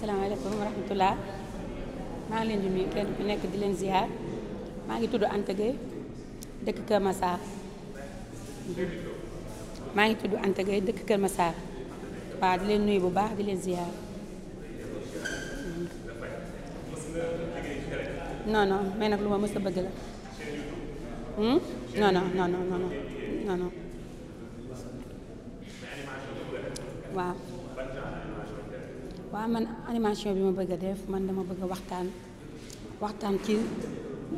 السلام عليكم ورحمة الله. ما عندي من كان هناك دلنا زيار. ما عندي تدو أنتجي. دك كم ساعة. ما عندي تدو أنتجي. دك كم ساعة. بعد لين نوي ببا دلنا زيار. No no. ما أنا كلوا مسلم بدلا. Hmm. No no no no no no waaw man animation bi ma bëgg a def man dama bëgg a waxtaan waxtaan ci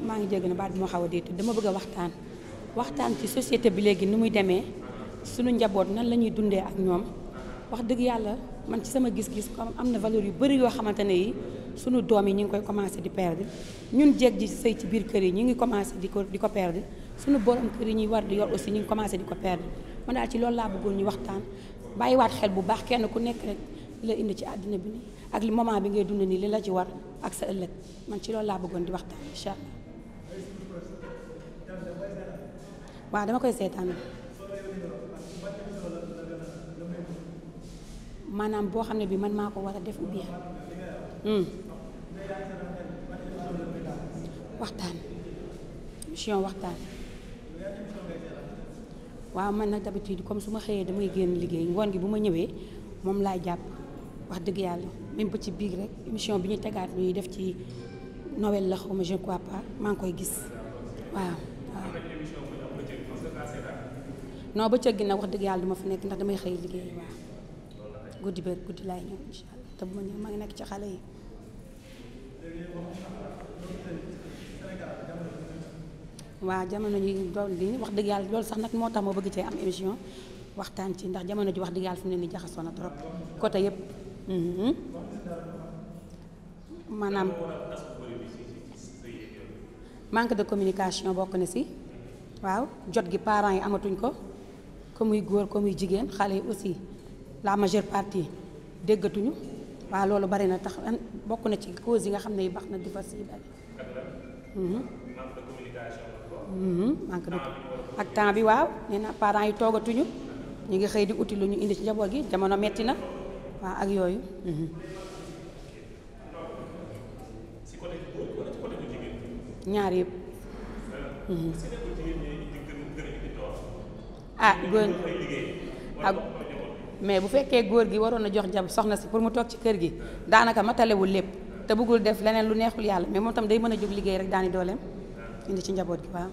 maa ngi jégg na baat bi ma xaw a déetu dama bëgg a waxtaan waxtaan ci societé bi léegi ni muy demee sunu njaboot nan la ñuy dundee ak ñoom wax dëgg yàlla man ci sama gis-gis comme am na valeur yu bëri yoo xamante ne yi suñu doom yi ñu ngi koy commencé di perdre ñun jeeg ji sëy ci biir kër yi ñu ngi commencé di ko di ko perdre suñu borom kër yi ñuy war di yor aussi ñu ngi commencé di ko perdre man loolu laa bëggoon ñu waxtaan bàyyiwaat xel bu baax kenn ku nekk li la indi ci àddina bi nii ak li bi ngay dund nii li la ci war ak sa ëllëg man ci loolu laa bëggoon di waxtaan incha allah waaw dama koy seetaan maanaam boo xam ne bi man maa ko war a def ou bien hmm. waxtaan émission waxtaan waaw man nag d'habitude comme su ma xëyee damay génn liggéey ngoon gi bu ma ñëwee moom laay jàpp wax deug yàlla même ba ci biir rek émission bi ñu tegaat ñuy def ci Noël la xawma je crois pas ma ngi koy gis waaw non ba cëg gi wax deug yàlla duma fa nek ndax damay xëy liggéey waaw goudi beeg goudi lay ñu inshallah allah te bu ma ñëw maa ngi nek ci xale yi waaw jamono ñu loolu li wax deug yàlla lool sax nak mo tax mo bëgg ci am émission waxtaan ci ndax jamono ji wax deug yàlla fu mu ne nii jaxasoo na trop côté yëpp Mm-hmm. maanaam manque de communication bokk na si waaw jot gi parent yi amatuñ ko ko muy góor ko muy jigéen xale yi aussi la majeure partie déggatuñu waaw loolu bari na tax bokk na ci cause yi nga xam ne yi baax na divorce yi bari mm-hmm. Mm-hmm, manque de ak temps bi waaw nee na parents yi toogatuñu ñu ngi xëy di uti lu ñu indi ci njaboot gi jamono metti na waaw ak yooyu. Mhm. ñaar yëpp. Mhm. ah góor ak mais bu fekkee góor gi waroon a jox jab soxna si pour mu toog ci kër gi daanaka matalewul lépp te bëggul def leneen lu neexul yàlla mais moom tam day mën a jóg liggéey rek daani dooleem indi ci njaboot gi waaw.